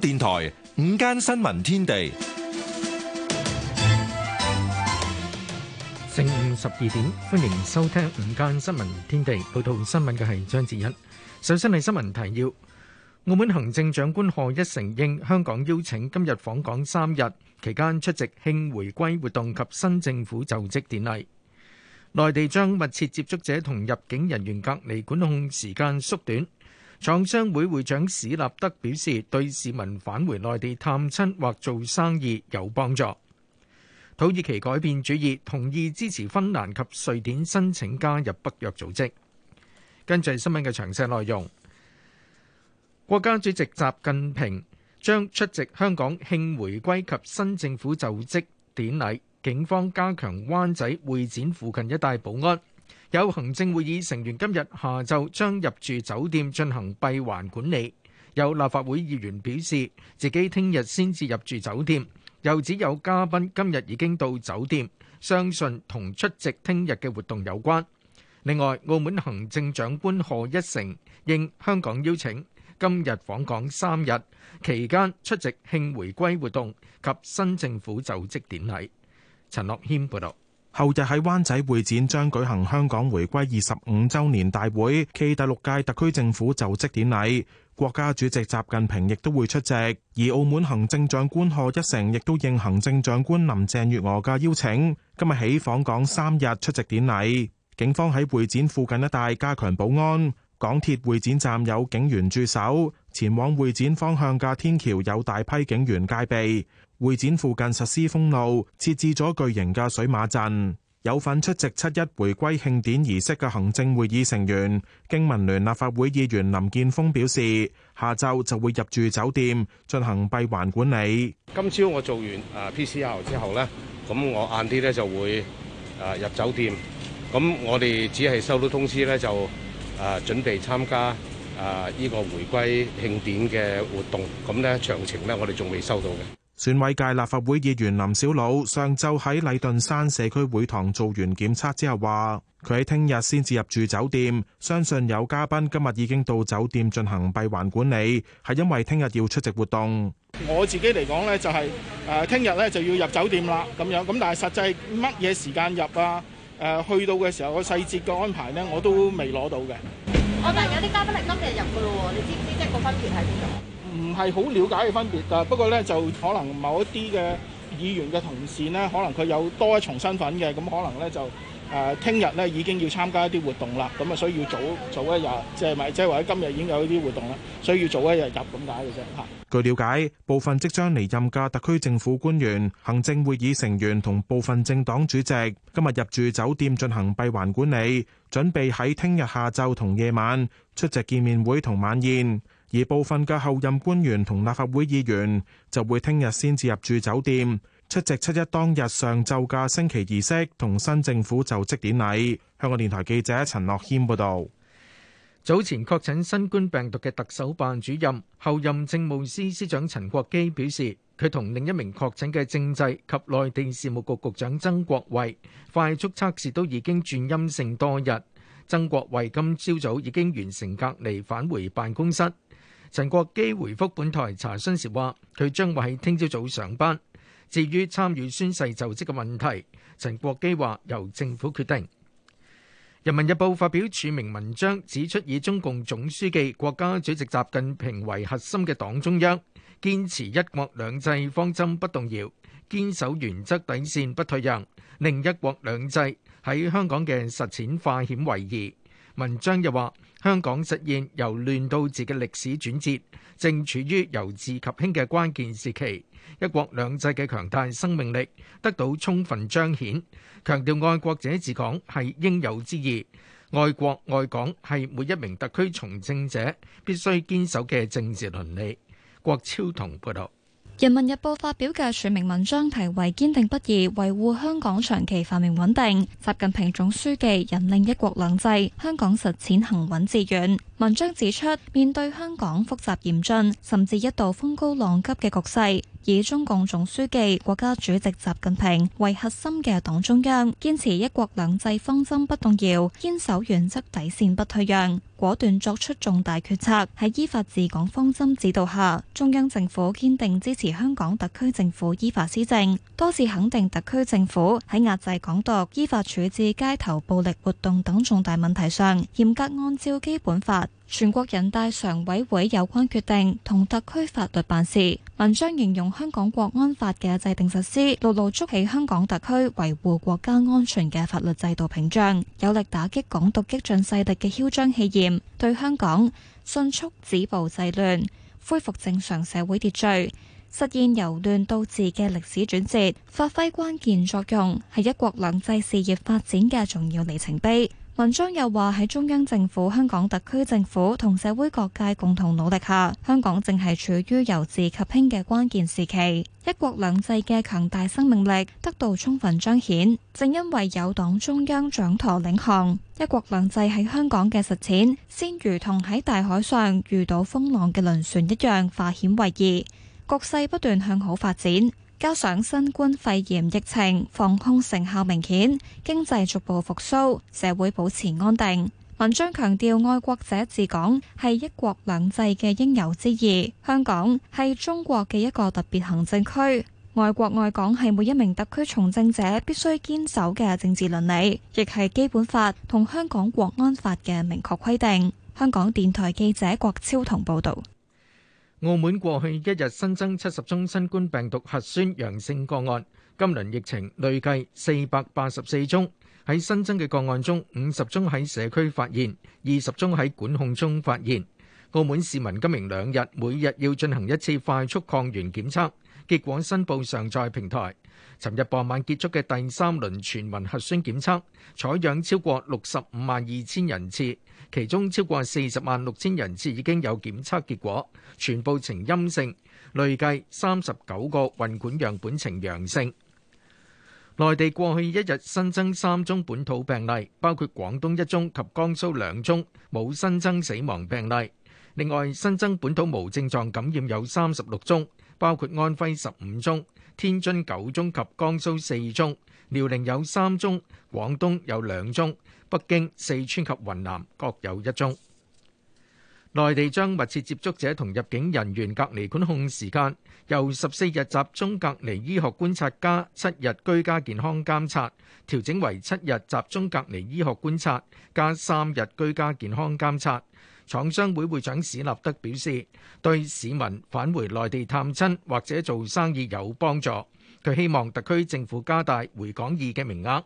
電台午間新聞天地，正午十二點，歡迎收聽午間新聞天地。報道新聞嘅係張子欣。首先係新聞提要：澳門行政長官賀一誠應香港邀請，今日訪港三日，期間出席慶回歸活動及新政府就職典禮。內地將密切接觸者同入境人員隔離管控時間縮短。廠商會會長史立德表示，對市民返回內地探親或做生意有幫助。土耳其改變主意，同意支持芬蘭及瑞典申請加入北約組織。跟住係新聞嘅詳細內容。國家主席習近平將出席香港慶回歸及新政府就職典禮。警方加強灣仔會展附近一帶保安。有行政會議成員今日下晝將入住酒店進行閉環管理。有立法會議員表示自己聽日先至入住酒店，又指有嘉賓今日已經到酒店，相信同出席聽日嘅活動有關。另外，澳門行政長官賀一誠應香港邀請，今日訪港三日，期間出席慶回歸活動及新政府就職典禮。陳樂軒報導。後日喺灣仔會展將舉行香港回歸二十五週年大會暨第六屆特區政府就職典禮，國家主席習近平亦都會出席，而澳門行政長官賀一誠亦都應行政長官林鄭月娥嘅邀請，今日起訪港三日出席典禮。警方喺會展附近一帶加強保安，港鐵會展站有警員駐守，前往會展方向嘅天橋有大批警員戒備。會展附近實施封路，設置咗巨型嘅水馬陣。有份出席七一回歸慶典儀式嘅行政會議成員，經民聯立法會議員林建峰表示，下晝就會入住酒店進行閉環管理。今朝我做完啊 P C R 之後呢，咁我晏啲咧就會誒入酒店。咁我哋只係收到通知呢，就誒準備參加誒呢個回歸慶典嘅活動。咁呢詳情呢，我哋仲未收到嘅。選委界立法會議員林小魯上晝喺禮頓山社區會堂做完檢測之後話，佢喺聽日先至入住酒店，相信有嘉賓今日已經到酒店進行閉環管理，係因為聽日要出席活動。我自己嚟講咧，就係誒聽日咧就要入酒店啦，咁樣咁，但係實際乜嘢時間入啊？誒，去到嘅時候個細節嘅安排呢，我都未攞到嘅。我哋有啲嘉賓係今日入噶咯，你知唔知呢個分別係點樣？唔係好了解嘅分別，但不過咧就可能某一啲嘅議員嘅同事呢，可能佢有多一重身份嘅，咁可能咧就誒聽日呢已經要參加一啲活動啦，咁啊所以要早早一日，即係咪即係或者今日已經有呢啲活動啦，所以要早一日入咁解嘅啫。吓。據了解，部分即將離任嘅特區政府官員、行政會議成員同部分政黨主席，今日入住酒店進行閉環管理，準備喺聽日下晝同夜晚出席見面會同晚宴。而部分嘅候任官員同立法會議員就會聽日先至入住酒店，出席七一當日上晝嘅升旗儀式同新政府就職典禮，香港電台記者陳樂謙報道。早前確診新冠病毒嘅特首辦主任、候任政務司司長陳國基表示，佢同另一名確診嘅政制及內地事務局局長曾國衛快速測試都已經轉陰性多日。曾國衛今朝早早已經完成隔離返回辦公室。陳國基回覆本台查詢時話，佢將會喺聽朝早上班。至於參與宣誓就職嘅問題，陳國基話由政府決定。《人民日報》發表署名文章指出，以中共總書記、國家主席習近平為核心嘅黨中央，堅持一國兩制方針不動搖，堅守原則底線不退讓，令一國兩制喺香港嘅實踐化險為夷。文章又話：香港實現由亂到治嘅歷史轉折，正處於由治及興嘅關鍵時期，一國兩制嘅強大生命力得到充分彰顯。強調愛國者治港係應有之義，愛國愛港係每一名特區從政者必須堅守嘅政治倫理。郭超同報道。《人民日報》發表嘅署名文章題為《堅定不移維護香港長期繁榮穩定》，習近平總書記引領一國兩制，香港實踐行穩致遠。文章指出，面對香港複雜嚴峻，甚至一度風高浪急嘅局勢。以中共總書記、國家主席習近平為核心嘅黨中央，堅持一國兩制方針不動搖，堅守原則底線不退讓，果斷作出重大決策。喺依法治港方針指導下，中央政府堅定支持香港特區政府依法施政，多次肯定特區政府喺壓制港獨、依法處置街頭暴力活動等重大問題上，嚴格按照基本法，全國人大常委會有關決定同特區法律辦事，文章形容香港國安法嘅制定實施，牢牢築起香港特區維護國家安全嘅法律制度屏障，有力打擊港獨激進勢力嘅囂張氣焰，對香港迅速止暴制亂、恢復正常社會秩序、實現由亂到治嘅歷史轉折，發揮關鍵作用，係一國兩制事業發展嘅重要里程碑。文章又話喺中央政府、香港特區政府同社會各界共同努力下，香港正係處於由治及興嘅關鍵時期，一國兩制嘅強大生命力得到充分彰顯。正因為有黨中央掌舵領航，一國兩制喺香港嘅實踐先如同喺大海上遇到風浪嘅輪船一樣化險為夷，局勢不斷向好發展。加上新冠肺炎疫情防控成效明顯，經濟逐步復甦，社會保持安定。文章強調愛國者治港係一國兩制嘅應有之義，香港係中國嘅一個特別行政區，愛國愛港係每一名特區從政者必須堅守嘅政治倫理，亦係基本法同香港國安法嘅明確規定。香港電台記者郭超同報道。澳門過去一日新增七十宗新冠病毒核酸陽性個案，今輪疫情累計四百八十四宗。喺新增嘅個案中，五十宗喺社區發現，二十宗喺管控中發現。澳門市民今明兩日每日要進行一次快速抗原檢測，結果申報上載平台。尋日傍晚結束嘅第三輪全民核酸檢測，採樣超過六十五萬二千人次。其中超過四十萬六千人次已經有檢測結果，全部呈陰性。累計三十九個運管樣本呈陽性。內地過去一日新增三宗本土病例，包括廣東一宗及江蘇兩宗，冇新增死亡病例。另外新增本土無症狀感染有三十六宗，包括安徽十五宗、天津九宗及江蘇四宗，遼寧有三宗，廣東有兩宗。北京、四川及雲南各有一宗。內地將密切接觸者同入境人員隔離管控時間由十四日集中隔離醫學觀察加七日居家健康監察調整為七日集中隔離醫學觀察加三日居家健康監察。廠商會會長史立德表示，對市民返回內地探親或者做生意有幫助。佢希望特區政府加大回港易嘅名額。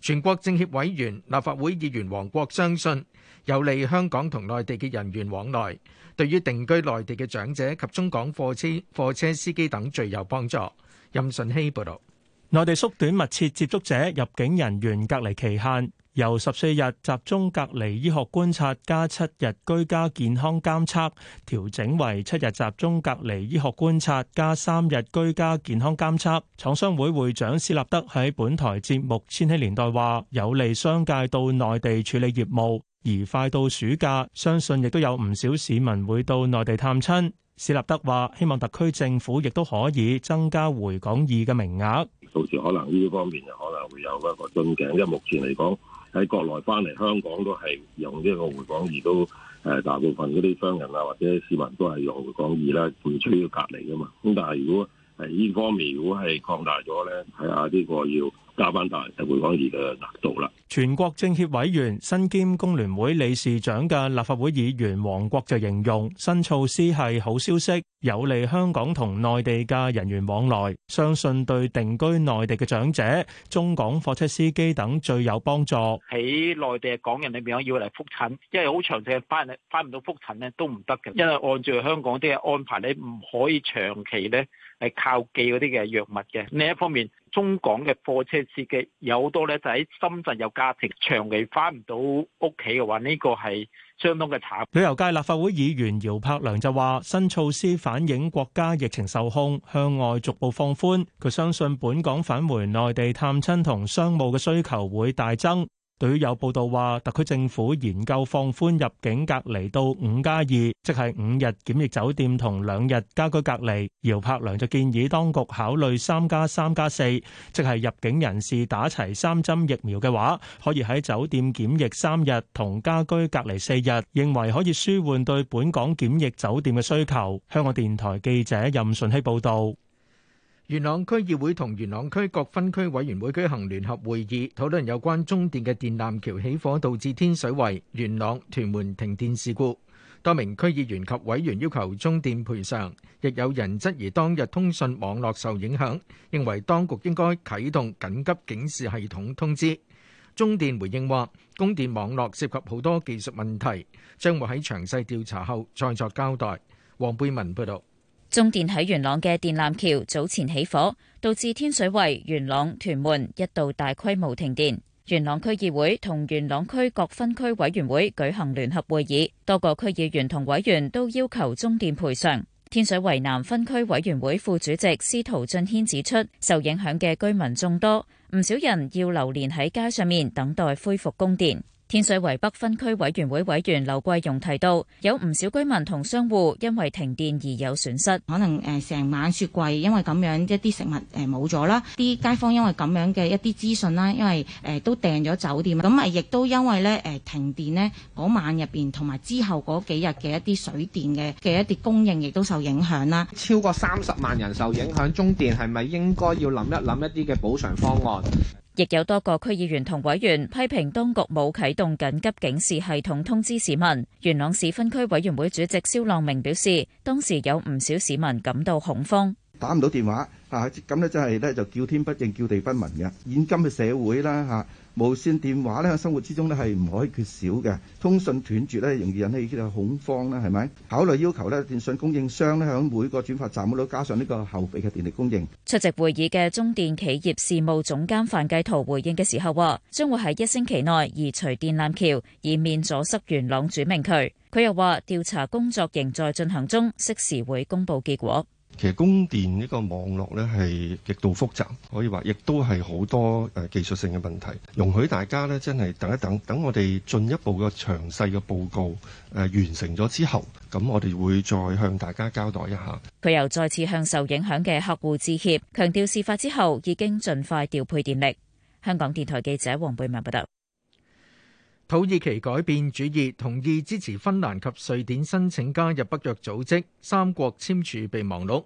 全國政協委員、立法會議員黃國相信，有利香港同內地嘅人員往來，對於定居內地嘅長者及中港貨車、貨車司機等最有幫助。任順希報導，內地縮短密切接觸者入境人員隔離期限。由十四日集中隔離醫學觀察加七日居家健康監測調整為七日集中隔離醫學觀察加三日居家健康監測。廠商會會長史立德喺本台節目《千禧年代》話有利商界到內地處理業務，而快到暑假，相信亦都有唔少市民會到內地探親，史立德話希望特區政府亦都可以增加回港易嘅名額，到時可能呢方面又可能會有一個樽頸，因為目前嚟講。喺國內返嚟香港都係用呢個回港易都，誒、呃、大部分嗰啲商人啊或者市民都係用回港易啦，回村要隔離㗎嘛。咁但係如果係呢方面，如果係擴大咗咧，睇下呢個要。加班大就會講而家力度啦。全國政協委員、身兼工聯會理事長嘅立法會議員黃國就形容新措施係好消息，有利香港同內地嘅人員往來，相信對定居內地嘅長者、中港貨車司機等最有幫助。喺內地嘅港人裏面，我要嚟復診，因為好長嘅翻嚟翻唔到復診咧都唔得嘅。因為按照香港啲嘅安排咧，你唔可以長期咧係靠寄嗰啲嘅藥物嘅。另一方面。中港嘅貨車司機有好多咧，就喺深圳有家庭，長期返唔到屋企嘅話，呢個係相當嘅慘。旅遊界立法會議員姚柏良就話，新措施反映國家疫情受控，向外逐步放寬。佢相信本港返回內地探親同商務嘅需求會大增。對於有報道話特區政府研究放寬入境隔離到五加二，2，即係五日檢疫酒店同兩日家居隔離。姚柏良就建議當局考慮三加三加四，4，即係入境人士打齊三針疫苗嘅話，可以喺酒店檢疫三日同家居隔離四日，認為可以舒緩對本港檢疫酒店嘅需求。香港電台記者任順希報導。元朗區議會同元朗區各分區委員會舉行聯合會議，討論有關中電嘅電纜橋起火導致天水圍、元朗、屯門停電事故。多名區議員及委員要求中電賠償，亦有人質疑當日通訊網絡受影響，認為當局應該啟動緊急警示系統通知。中電回應話，供電網絡涉及好多技術問題，將會喺詳細調查後再作交代。黃貝文報導。中電喺元朗嘅電纜橋早前起火，導致天水圍、元朗、屯門一度大規模停電。元朗區議會同元朗區各分區委員會舉行聯合會議，多個區議員同委員都要求中電賠償。天水圍南分區委員會副主席司徒俊軒指出，受影響嘅居民眾多，唔少人要流連喺街上面等待恢復供電。天水圍北分區委員會委員劉桂容提到，有唔少居民同商戶因為停電而有損失，可能誒成、呃、晚雪櫃因為咁樣一啲食物誒冇咗啦，啲、呃、街坊因為咁樣嘅一啲資訊啦，因為誒、呃、都訂咗酒店，咁咪亦都因為咧誒、呃、停電呢，嗰晚入邊同埋之後嗰幾日嘅一啲水電嘅嘅一啲供應亦都受影響啦。超過三十萬人受影響，中電係咪應該要諗一諗一啲嘅補償方案？亦有多個區議員同委員批評當局冇啟動緊急警示系統通知市民。元朗市分區委員會主席蕭浪明表示，當時有唔少市民感到恐慌，打唔到電話，啊，咁呢真係呢就叫天不應，叫地不聞嘅。現今嘅社會啦，吓。無線電話咧，喺生活之中咧係唔可以缺少嘅。通訊斷絕咧，容易引起恐慌啦，係咪？考慮要求咧，電信供應商咧喺每個轉發站都加上呢個後備嘅電力供應。出席會議嘅中電企業事務總監范繼圖回應嘅時候話，將會喺一星期內移除電纜橋，以免阻塞元朗市明渠。佢又話調查工作仍在進行中，適時會公佈結果。其實供電呢個網絡呢係極度複雜，可以話亦都係好多誒技術性嘅問題。容許大家呢，真係等一等，等我哋進一步嘅詳細嘅報告誒完成咗之後，咁我哋會再向大家交代一下。佢又再次向受影響嘅客戶致歉，強調事發之後已經盡快調配電力。香港電台記者黃貝文報道。土耳其改變主意，同意支持芬蘭及瑞典申請加入北約組織，三國簽署備忘錄。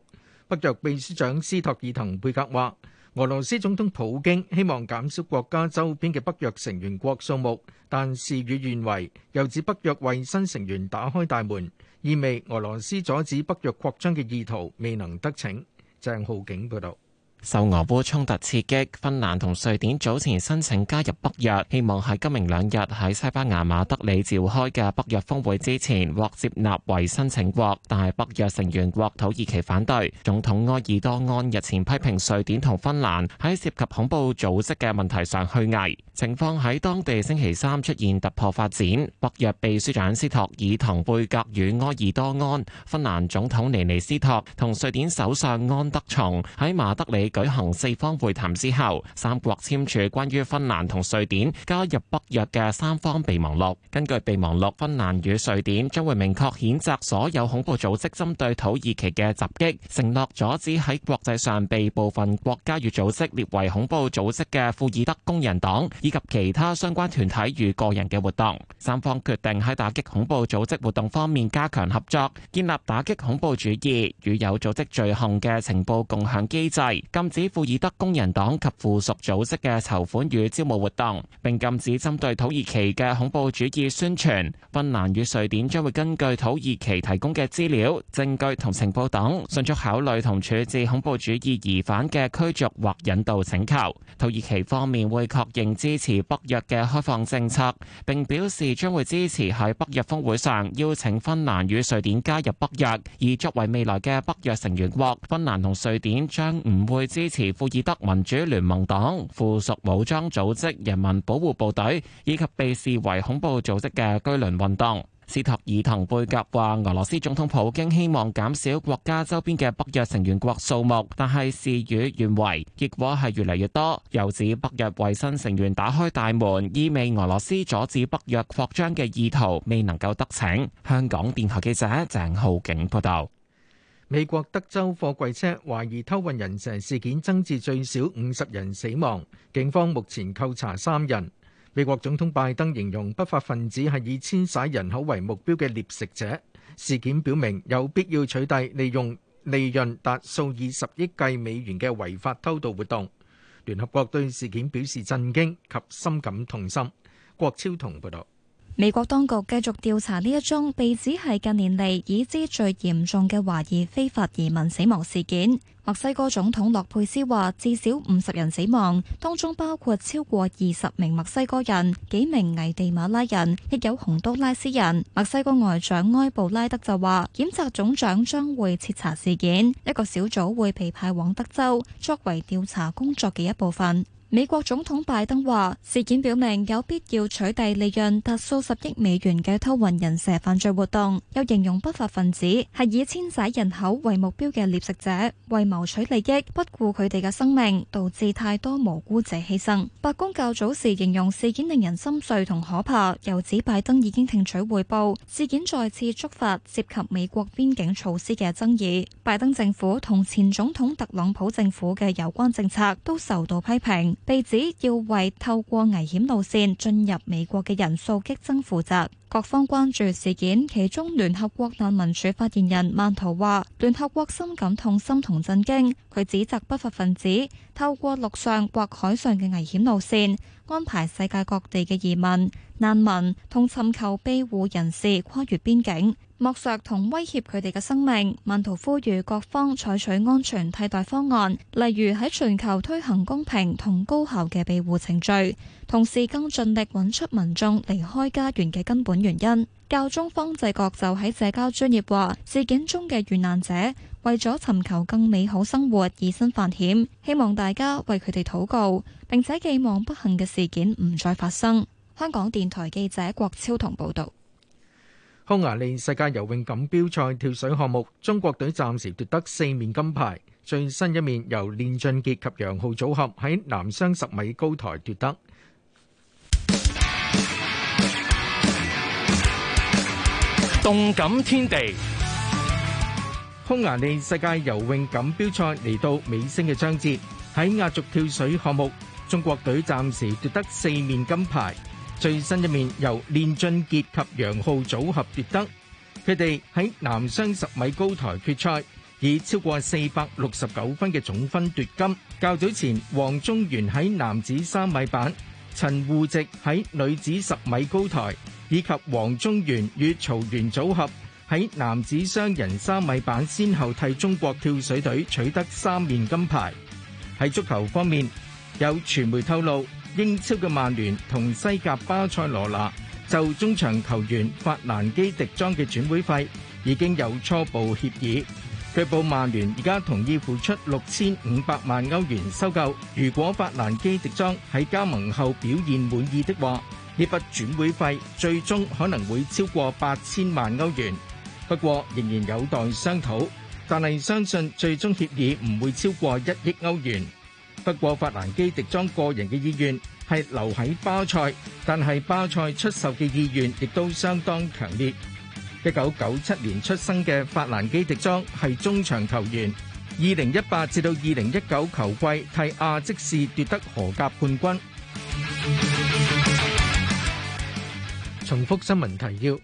北約秘書長斯托爾滕貝格話，俄羅斯總統普京希望減少國家周邊嘅北約成員國數目，但事與願違，又指北約為新成員打開大門，意味俄羅斯阻止北約擴張嘅意圖未能得逞。鄭浩景報道。受俄烏衝突刺激，芬蘭同瑞典早前申請加入北約，希望喺今明兩日喺西班牙馬德里召開嘅北約峰會之前獲接納為申請國，但係北約成員國土耳其反對。總統埃爾多安日前批評瑞典同芬蘭喺涉及恐怖組織嘅問題上虛偽，情況喺當地星期三出現突破發展。北約秘書長斯托爾滕貝格與埃爾多安、芬蘭總統尼尼斯托同瑞典首相安德松喺馬德里舉行四方會談之後，三國簽署關於芬蘭和瑞典加入北約的三方備忘錄。根據備忘錄，芬蘭與瑞典將會明確譴責所有恐怖組織針對土耳其的襲擊，承諾阻止在國際上被部分國家與組織列為恐怖組織的庫爾德工人黨以及其他相關團體與個人的活動。三方決定在打擊恐怖組織活動方面加強合作，建立打擊恐怖主義與有組織罪行的情報共享機制。禁止庫爾德工人黨及附屬組織嘅籌款與招募活動，並禁止針對土耳其嘅恐怖主義宣傳。芬蘭與瑞典將會根據土耳其提供嘅資料、證據同情報等，迅速考慮同處置恐怖主義疑犯嘅驅逐或引渡請求。土耳其方面會確認支持北約嘅開放政策，並表示將會支持喺北約峰會上邀請芬蘭與瑞典加入北約，而作為未來嘅北約成員國，芬蘭同瑞典將唔會。支持庫爾德民主聯盟黨附屬武裝組織人民保護部隊，以及被視為恐怖組織嘅居倫運動。斯托爾滕貝格話：俄羅斯總統普京希望減少國家周邊嘅北約成員國數目，但係事與願違，結果係越嚟越多。又指北約為新成員打開大門，意味俄羅斯阻止北約擴張嘅意圖未能夠得逞。香港電台記者鄭浩景報道。美國德州貨櫃車懷疑偷運人蛇事件增至最少五十人死亡，警方目前扣查三人。美國總統拜登形容不法分子係以遷徙人口為目標嘅獵食者。事件表明有必要取締利用利潤達數以十億計美元嘅違法偷渡活動。聯合國對事件表示震驚及深感痛心。郭超同報道。美國當局繼續調查呢一宗被指係近年嚟，已知最嚴重嘅懷疑非法移民死亡事件。墨西哥總統洛佩斯話，至少五十人死亡，當中包括超過二十名墨西哥人、幾名危地馬拉人，亦有洪都拉斯人。墨西哥外長埃布拉德就話，檢察總長將會徹查事件，一個小組會被派往德州，作為調查工作嘅一部分。美國總統拜登話事件表明有必要取締利潤達數十億美元嘅偷運人蛇犯罪活動，又形容不法分子係以遷徙人口為目標嘅獵食者，為謀取利益不顧佢哋嘅生命，導致太多無辜者犧牲。白宮較早時形容事件令人心碎同可怕，又指拜登已經聽取匯報，事件再次觸發涉及美國邊境措施嘅爭議。拜登政府同前總統特朗普政府嘅有關政策都受到批評。被指要為透過危險路線進入美國嘅人數激增負責。各方關注事件，其中聯合國難民署發言人曼圖話：聯合國深感痛心同震驚，佢指責不法分子透過陸上或海上嘅危險路線，安排世界各地嘅移民、難民同尋求庇護人士跨越邊境，剝削同威脅佢哋嘅生命。曼圖呼籲各方採取安全替代方案，例如喺全球推行公平同高效嘅庇護程序。同時，更盡力揾出民眾離開家園嘅根本原因。教宗方濟各就喺社交專頁話，事件中嘅遇難者為咗尋求更美好生活以身犯險，希望大家為佢哋禱告，並且寄望不幸嘅事件唔再發生。香港電台記者郭超同報道。匈牙利世界游泳錦標賽跳水項目，中國隊暫時奪得四面金牌，最新一面由練俊杰及楊昊組合喺男雙十米高台奪得。動感天地，匈牙利世界游泳錦標賽嚟到尾聲嘅章節。喺壓軸跳水項目，中國隊暫時奪得四面金牌。最新一面由練俊傑及楊昊組合奪得，佢哋喺男雙十米高台決賽以超過四百六十九分嘅總分奪金。較早前，王宗源喺男子三米板，陳芋汐喺女子十米高台，以及王宗源與曹源組合,喺男子雙人三米板先後替中國跳水隊取得三面金牌。喺足球方面,有傳媒透露,英超嘅曼聯同西甲巴塞羅那就中場球員法蘭基迪莊嘅轉會費已經有初步協議。據報曼聯而家同意付出六千五百萬歐元收購。如果法蘭基迪莊喺加盟後表現滿意的話,呢筆轉會費最終可能會超過八千萬歐元，不過仍然有待商討。但係相信最終協議唔會超過一億歐元。不過，法蘭基迪莊個人嘅意願係留喺巴塞，但係巴塞出售嘅意願亦都相當強烈。一九九七年出生嘅法蘭基迪莊係中場球員。二零一八至到二零一九球季替亞積士奪得荷甲冠軍。重複新聞提要：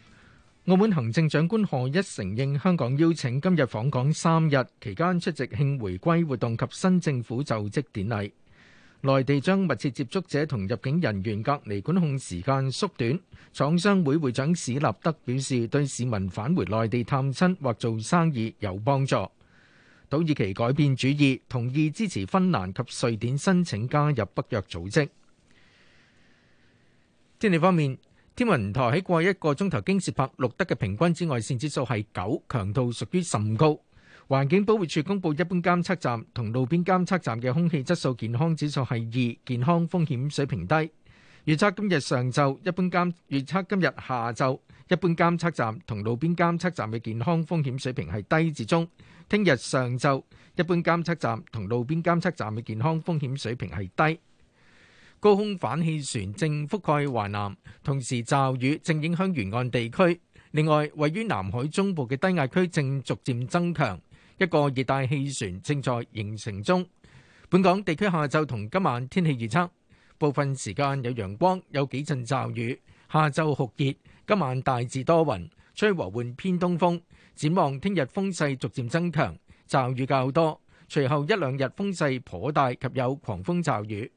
澳門行政長官賀一誠接受香港邀請，今日訪港三日期間出席慶回歸活動及新政府就職典禮。內地將密切接觸者同入境人員隔離管控時間縮短。廠商會會長史立德表示，對市民返回內地探親或做生意有幫助。土耳其改變主意，同意支持芬蘭及瑞典申請加入北約組織。天氣方面。天文台喺過去一個鐘頭京士柏錄得嘅平均紫外線指數係九，強度屬於甚高。環境保護署公布一般監測站同路邊監測站嘅空氣質素健康指數係二，健康風險水平低。預測今日上晝一般監預測今日下晝一般監測站同路邊監測站嘅健康風險水平係低至中。聽日上晝一般監測站同路邊監測站嘅健康風險水平係低。高空反氣旋正覆蓋華南，同時驟雨正影響沿岸地區。另外，位於南海中部嘅低壓區正逐漸增強，一個熱帶氣旋正在形成中。本港地區下晝同今晚天氣預測，部分時間有陽光，有幾陣驟雨。下晝酷熱，今晚大致多雲，吹和緩偏東風。展望聽日風勢逐漸增強，驟雨較多，隨後一兩日風勢頗大及有狂風驟雨。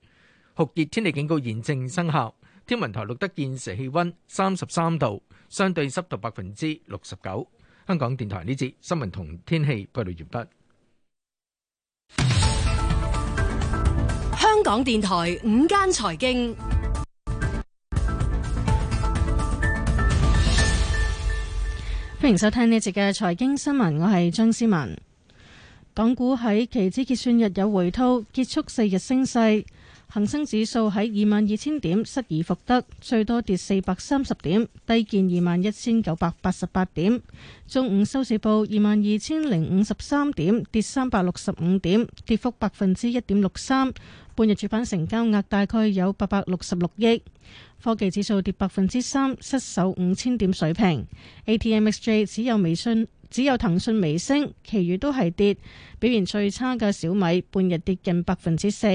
酷熱天氣警告，現正生效。天文台錄得現時氣温三十三度，相對濕度百分之六十九。香港電台呢節新聞同天氣報道完畢。香港電台午間財經，歡迎收聽呢節嘅財經新聞，我係張思文。港股喺期指結算日有回吐，結束四日升勢。恒生指數喺二萬二千點失而復得，最多跌四百三十點，低見二萬一千九百八十八點。中午收市報二萬二千零五十三點，跌三百六十五點，跌幅百分之一點六三。半日主板成交額大概有八百六十六億。科技指數跌百分之三，失守五千點水平。ATMXJ 只有微信。只有騰訊微升，其餘都係跌。表現最差嘅小米，半日跌近百分之四。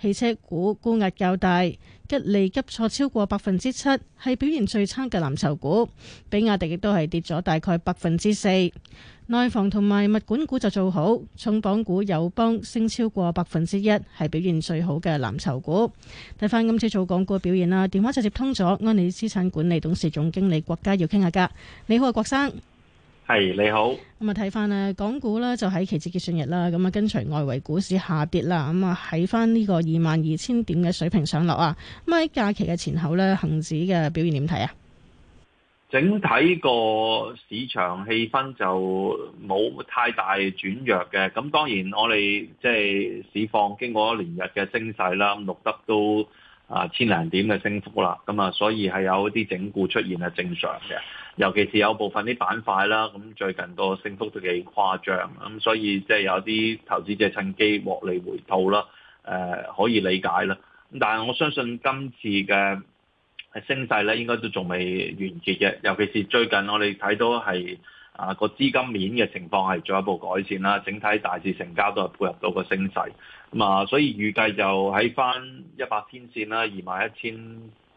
汽車股沽壓較大，吉利急挫超過百分之七，係表現最差嘅藍籌股。比亞迪亦都係跌咗大概百分之四。內房同埋物管股就做好，重磅股友邦升超過百分之一，係表現最好嘅藍籌股。睇翻今次做港股表現啦，電話就接通咗，安利資產管理董事總經理郭家要傾下㗎。你好，阿郭生。係你好，咁啊睇翻咧，港股咧就喺期指結算日啦，咁啊跟隨外圍股市下跌啦，咁啊喺翻呢個二萬二千點嘅水平上落啊。咁喺假期嘅前後咧，恒指嘅表現點睇啊？整體個市場氣氛就冇太大轉弱嘅，咁當然我哋即係市況經過一連日嘅升勢啦，錄得都。啊，千零點嘅升幅啦，咁啊，所以係有啲整固出現係正常嘅，尤其是有部分啲板塊啦，咁、啊、最近個升幅都幾誇張，咁、啊、所以即係有啲投資者趁機獲利回吐啦，誒、啊、可以理解啦。咁但係我相信今次嘅升勢咧，應該都仲未完結嘅，尤其是最近我哋睇到係。啊，個資金面嘅情況係進一步改善啦，整體大市成交都係配合到個升勢，咁啊，所以預計就喺翻一百天線啦，二萬一千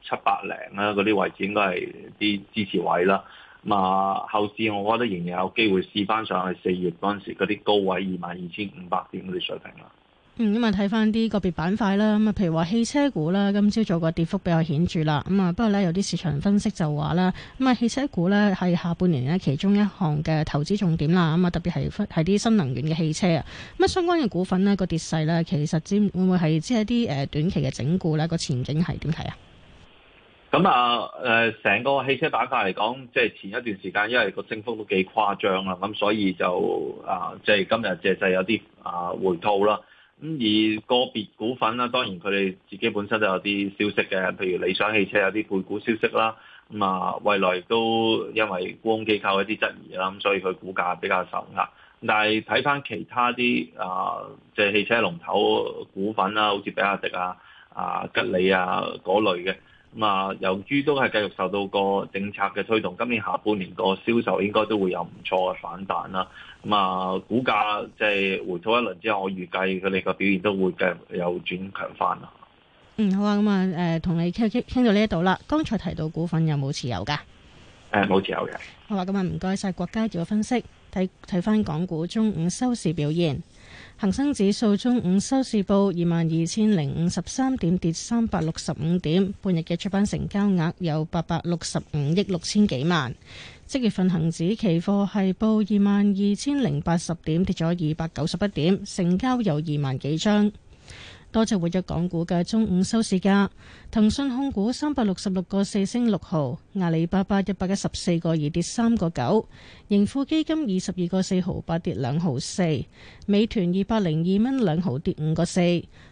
七百零啦嗰啲位置應該係啲支持位啦，咁啊，後市我覺得仍然有機會試翻上去四月嗰陣時嗰啲高位二萬二千五百點嗰啲水平啦。嗯，咁啊睇翻啲個別板塊啦，咁啊，譬如話汽車股啦，今朝早個跌幅比較顯著啦。咁啊，不過咧有啲市場分析就話啦，咁啊汽車股咧係下半年咧其中一項嘅投資重點啦。咁啊特別係係啲新能源嘅汽車啊。咁啊相關嘅股份呢個跌勢咧，其實即會唔會係即係啲誒短期嘅整固咧？個前景係點睇啊？咁啊誒，成個汽車板塊嚟講，即係前一段時間因為個升幅都幾誇張啦，咁所以就啊，即係今日借勢有啲啊回吐啦。咁而個別股份啦，當然佢哋自己本身都有啲消息嘅，譬如理想汽車有啲配股消息啦。咁、嗯、啊，未來都因為公眾機構一啲質疑啦，咁、嗯、所以佢股價比較受壓。但係睇翻其他啲啊，即、就、係、是、汽車龍頭股份啦，好似比亞迪啊、啊吉利啊嗰類嘅。咁、嗯、啊，由於都係繼續受到個政策嘅推動，今年下半年個銷售應該都會有唔錯嘅反彈啦。咁啊，股價即係回吐一輪之後，我預計佢哋嘅表現都會繼續有轉強翻啊。嗯，好啊，咁、嗯、啊，誒，同你傾傾傾到呢一度啦。剛才提到股份有冇持有噶？誒、嗯，冇持有嘅，啊嗯。好啊，咁啊，唔該晒，郭家杰做個分析，睇睇翻港股中午收市表現。恒生指數中午收市報二萬二千零五十三點，跌三百六十五點。半日嘅出品成交額有八百六十五億六千幾萬。即月份恒指期貨係報二萬二千零八十點，跌咗二百九十一點，成交有二萬幾張。多謝活躍港股嘅中午收市價，騰訊控股三百六十六個四升六毫，阿里巴巴一百一十四個二跌三個九，盈富基金二十二個四毫八跌兩毫四，美團二百零二蚊兩毫8，跌五個四，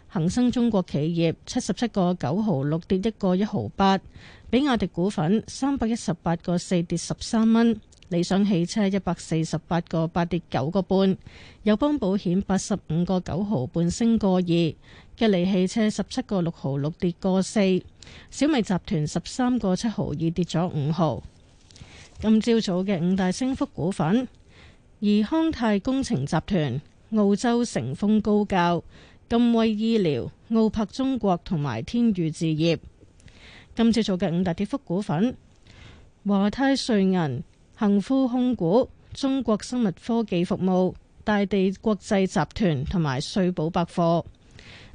恒生中國企業七十七個九毫六跌一個一毫八，比亞迪股份三百一十八個四跌十三蚊。理想汽車一百四十八個八跌九個半，友邦保險八十五個九毫半升個二，吉利汽車十七個六毫六跌個四，小米集團十三個七毫二跌咗五毫。今朝早嘅五大升幅股份，而康泰工程集團、澳洲成峰高教、金威醫療、奧柏中國同埋天宇置業。今朝早嘅五大跌幅股份，華泰瑞銀。恒富控股、中國生物科技服務、大地國際集團同埋瑞寶百貨。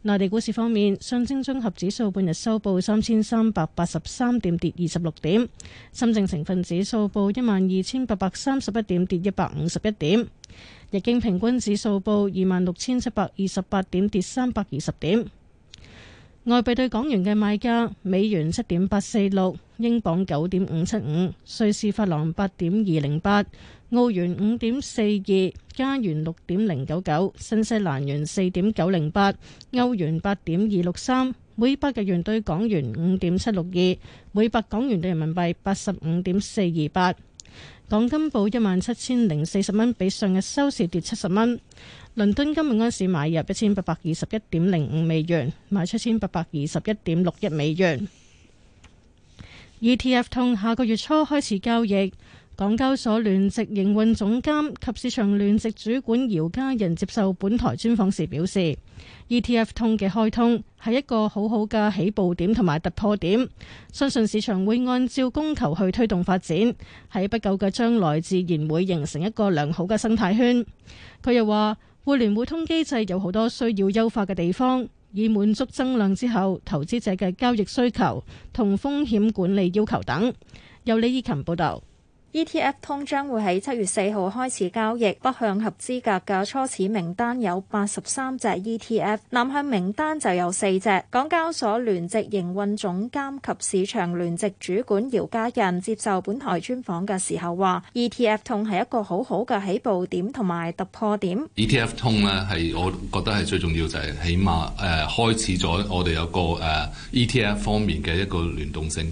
內地股市方面，上證綜合指數半日收報三千三百八十三點，跌二十六點，深證成分指數報一萬二千八百三十一點，跌一百五十一點，日經平均指數報二萬六千七百二十八點，跌三百二十點。外幣對港元嘅賣價：美元七點八四六，英鎊九點五七五，瑞士法郎八點二零八，澳元五點四二，加元六點零九九，新西蘭元四點九零八，歐元八點二六三，每百日元對港元五點七六二，每百港元對人民幣八十五點四二八。港金報一萬七千零四十蚊，比上日收市跌七十蚊。倫敦今日安市買入一千八百二十一點零五美元，賣出一千八百二十一點六一美元。ETF 通下個月初開始交易。港交所聯席營運總監及市場聯席主管姚家仁接受本台專訪時表示，ETF 通嘅開通係一個好好嘅起步點同埋突破點，相信市場會按照供求去推動發展，喺不久嘅將來自然會形成一個良好嘅生態圈。佢又話，互聯互通機制有好多需要優化嘅地方，以滿足增量之後投資者嘅交易需求同風險管理要求等。由李依勤報道。ETF 通將會喺七月四號開始交易，北向合資格嘅初始名單有八十三隻 ETF，南向名單就有四隻。港交所聯席營運總監及市場聯席主管姚嘉仁接受本台專訪嘅時候話：ETF 通係一個好好嘅起步點同埋突破點。ETF 通呢，係我覺得係最重要就係起碼誒、呃、開始咗，我哋有個誒 ETF 方面嘅一個聯動性。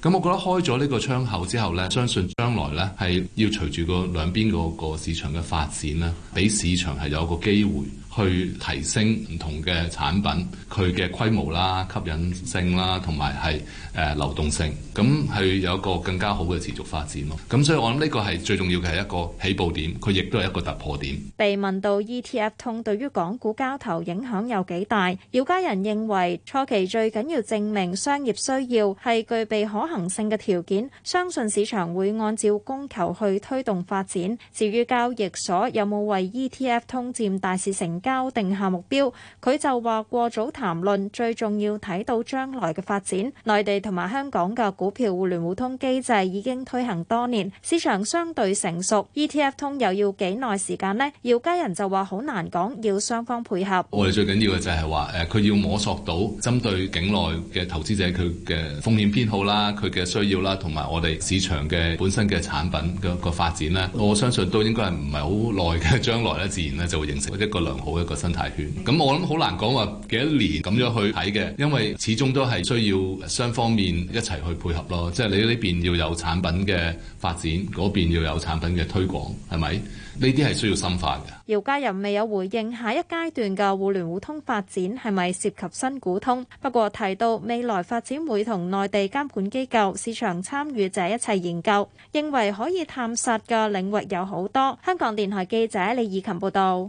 咁我覺得開咗呢個窗口之後呢，相信將來呢係要隨住個兩邊個個市場嘅發展呢，俾市場係有個機會去提升唔同嘅產品，佢嘅規模啦、吸引性啦，同埋係，誒流動性，咁佢有一個更加好嘅持續發展咯。咁所以我諗呢個係最重要嘅係一個起步點，佢亦都係一個突破點。被問到 ETF 通對於港股交投影響有幾大，姚嘉仁認為初期最緊要證明商業需要係具備可行性嘅條件，相信市場會按照供求去推動發展。至於交易所有冇為 ETF 通佔大市成交定下目標，佢就話過早談論，最重要睇到將來嘅發展，內地，同埋香港嘅股票互聯互通機制已經推行多年，市場相對成熟。ETF 通又要幾耐時間呢？姚家人就話好難講，要雙方配合。我哋最緊要嘅就係話，誒，佢要摸索到針對境內嘅投資者佢嘅風險偏好啦，佢嘅需要啦，同埋我哋市場嘅本身嘅產品嘅個發展咧，我相信都應該係唔係好耐嘅將來咧，自然咧就會形成一個良好嘅一個生態圈。咁我諗好難講話幾多年咁樣去睇嘅，因為始終都係需要雙方。面一齊去配合咯，即係你呢邊要有產品嘅發展，嗰邊要有產品嘅推廣，係咪呢啲係需要深化嘅？姚家仁未有回應下一階段嘅互聯互通發展係咪涉及新股通？不過提到未來發展會同內地監管機構、市場參與者一齊研究，認為可以探索嘅領域有好多。香港電台記者李以琴報道。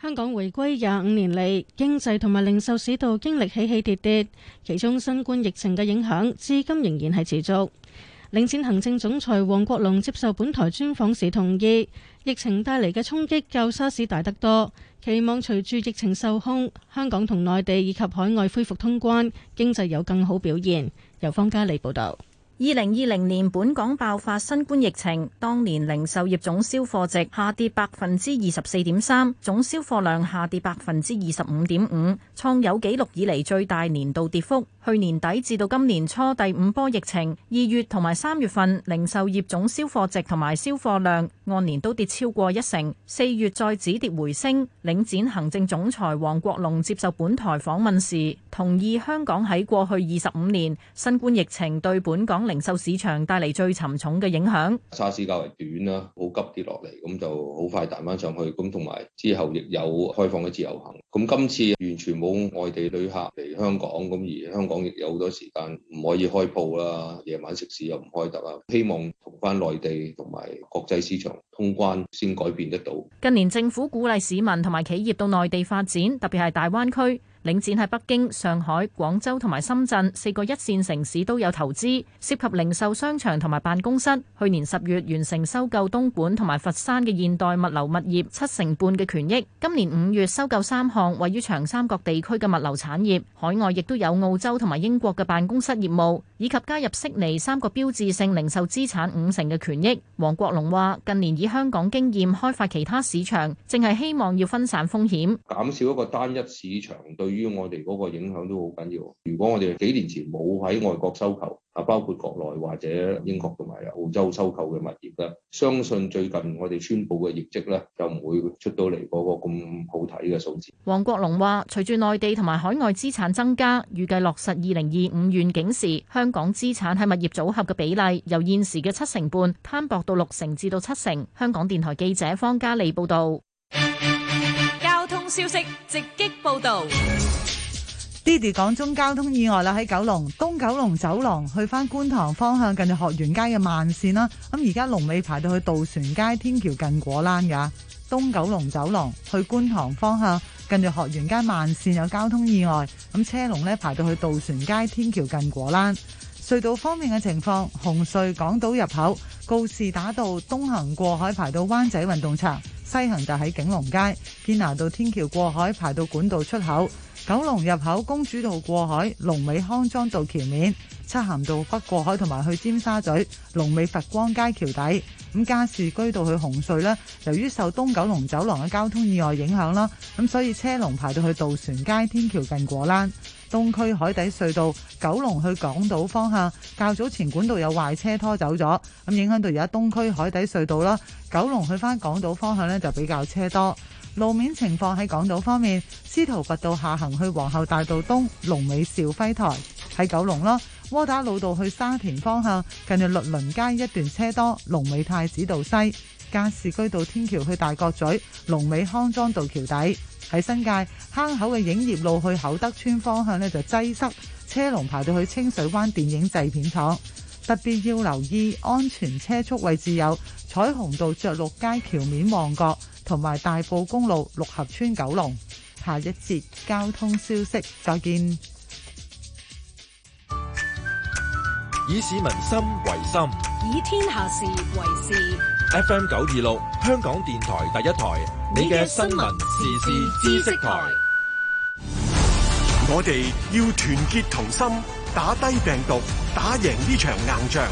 香港回歸廿五年嚟，經濟同埋零售市道經歷起起跌跌，其中新冠疫情嘅影響至今仍然係持續。領展行政總裁黃國龍接受本台專訪時，同意疫情帶嚟嘅衝擊較沙士大得多，期望隨住疫情受控，香港同內地以及海外恢復通關，經濟有更好表現。由方嘉利報道。二零二零年本港爆發新冠疫情，當年零售業總銷貨值下跌百分之二十四點三，總銷貨量下跌百分之二十五點五，創有紀錄以嚟最大年度跌幅。去年底至到今年初第五波疫情，二月同埋三月份零售業總銷貨值同埋銷貨量按年都跌超過一成，四月再止跌回升。領展行政總裁王國龍接受本台訪問時，同意香港喺過去二十五年新冠疫情對本港。零售市場帶嚟最沉重嘅影響，沙士較為短啦，好急跌落嚟，咁就好快彈翻上去。咁同埋之後亦有開放嘅自由行。咁今次完全冇外地旅客嚟香港，咁而香港亦有好多時間唔可以開鋪啦，夜晚食肆又唔開得啊。希望同翻內地同埋國際市場通關先改變得到。近年政府鼓勵市民同埋企業到內地發展，特別係大灣區。領展喺北京、上海、廣州同埋深圳四個一線城市都有投資，涉及零售商場同埋辦公室。去年十月完成收購東莞同埋佛山嘅現代物流物業七成半嘅權益，今年五月收購三項位於長三角地區嘅物流產業。海外亦都有澳洲同埋英國嘅辦公室業務，以及加入悉尼三個標誌性零售資產五成嘅權益。王國龍話：近年以香港經驗開發其他市場，淨係希望要分散風險，減少一個單一市場對於我哋嗰個影響都好緊要。如果我哋幾年前冇喺外國收購，啊，包括國內或者英國同埋澳洲收購嘅物業咧，相信最近我哋宣佈嘅業績咧，就唔會出到嚟嗰個咁好睇嘅數字。黃國龍話，隨住內地同埋海外資產增加，預計落實二零二五願景時，香港資產喺物業組合嘅比例由現時嘅七成半攤薄到六成至到七成。香港電台記者方嘉利報導。消息直擊報道，爹哋講中交通意外啦！喺九龍東九龍走廊去翻觀塘方向，近住學園街嘅慢綫啦。咁而家龍尾排到去渡船街天橋近果欄嘅東九龍走廊去觀塘方向，近住學園街慢綫有交通意外，咁車龍咧排到去渡船街天橋近果欄。隧道方面嘅情況，紅隧港島入口告士打道東行過海排到灣仔運動場，西行就喺景隆街；堅拿道天橋過海排到管道出口，九龍入口公主道過海龍尾康莊道橋面，漆咸道北過海同埋去尖沙咀龍尾佛光街橋底。咁加士居道去紅隧咧，由於受東九龍走廊嘅交通意外影響啦，咁所以車龍排到去渡船街天橋近果欄，東區海底隧道，九龍去港島方向，較早前管道有壞車拖走咗，咁影響到而家東區海底隧道啦，九龍去返港島方向呢，就比較車多。路面情況喺港島方面，司徒拔道下行去皇后大道東龍尾兆輝台喺九龍囉。窩打老道去沙田方向，近日律倫街一段車多；龍尾太子道西、加士居道天橋去大角咀、龍尾康莊道橋底。喺新界坑口嘅影業路去厚德村方向呢，就擠塞，車龍排到去清水灣電影製片廠。特別要留意安全車速位置有彩虹道、着陸街橋面旺角，同埋大埔公路六合村九龍。下一節交通消息，再見。以市民心為心，以天下事為事。FM 九二六，香港電台第一台，你嘅新聞、時事、知識台。我哋要團結同心，打低病毒，打贏呢場硬仗。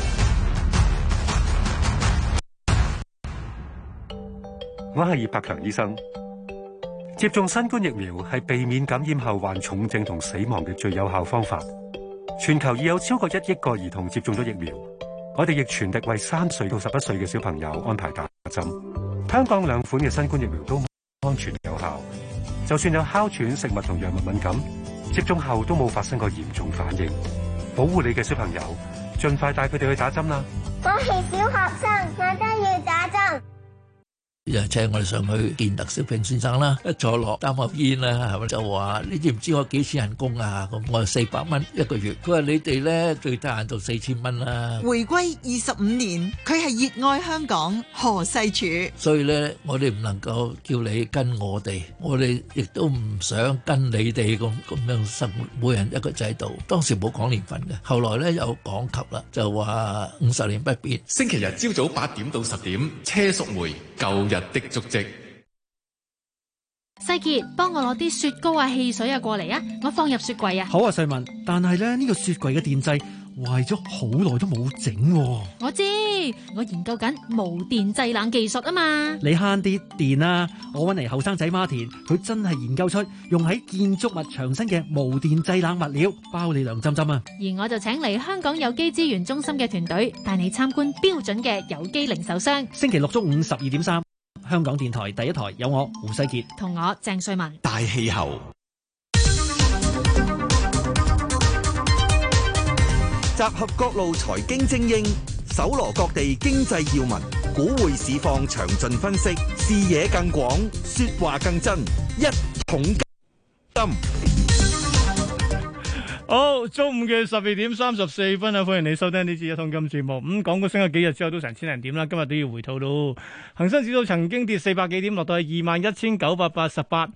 我係葉百強醫生，接種新冠疫苗係避免感染後患重症同死亡嘅最有效方法。全球已有超過一億個兒童接種咗疫苗，我哋亦全力為三歲到十一歲嘅小朋友安排打針。香港兩款嘅新冠疫苗都安全有效，就算有哮喘、食物同藥物敏感，接種後都冇發生過嚴重反應。保護你嘅小朋友，盡快帶佢哋去打針啦！我係小學生，我都要打針。又請我哋上去見鄧小平先生啦，一坐落，擔盒煙啦，係咪就話你知唔知我幾錢人工啊？咁我四百蚊一個月，佢話你哋咧最低限度四千蚊啦。回歸二十五年，佢係熱愛香港何世柱，所以咧我哋唔能夠叫你跟我哋，我哋亦都唔想跟你哋咁咁樣生活，每人一個制度。當時冇講年份嘅，後來咧又講及啦，就話五十年不變。星期日朝早八點到十點，車淑梅。舊日的足跡，世傑，幫我攞啲雪糕啊、汽水啊過嚟啊，我放入雪櫃啊。好啊，細文，但係咧呢個雪櫃嘅電掣壞咗好耐都冇整。啊，我知我研究緊無電製冷技術啊嘛！你慳啲電啦。啊，我搵嚟後生仔孖田，佢真係研究出用喺建築物牆身嘅無電製冷物料，包你涼浸浸啊！而我就請嚟香港有機資源中心嘅團隊帶你參觀標準嘅有機零售商。星期六中午十二點三，香港電台第一台有我胡世傑同我鄭瑞文，大氣候。集合各路財經精英，搜羅各地經濟要聞，股匯市況詳盡分析，視野更廣，說話更真，一桶金。好，中午嘅十二點三十四分啊，歡迎你收聽呢集一桶金節目。咁港股升咗幾日之後都成千零點啦，今日都要回吐咯。恒生指數曾經跌四百幾點，落到係二萬一千九百八十八，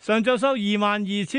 上晝收二萬二千。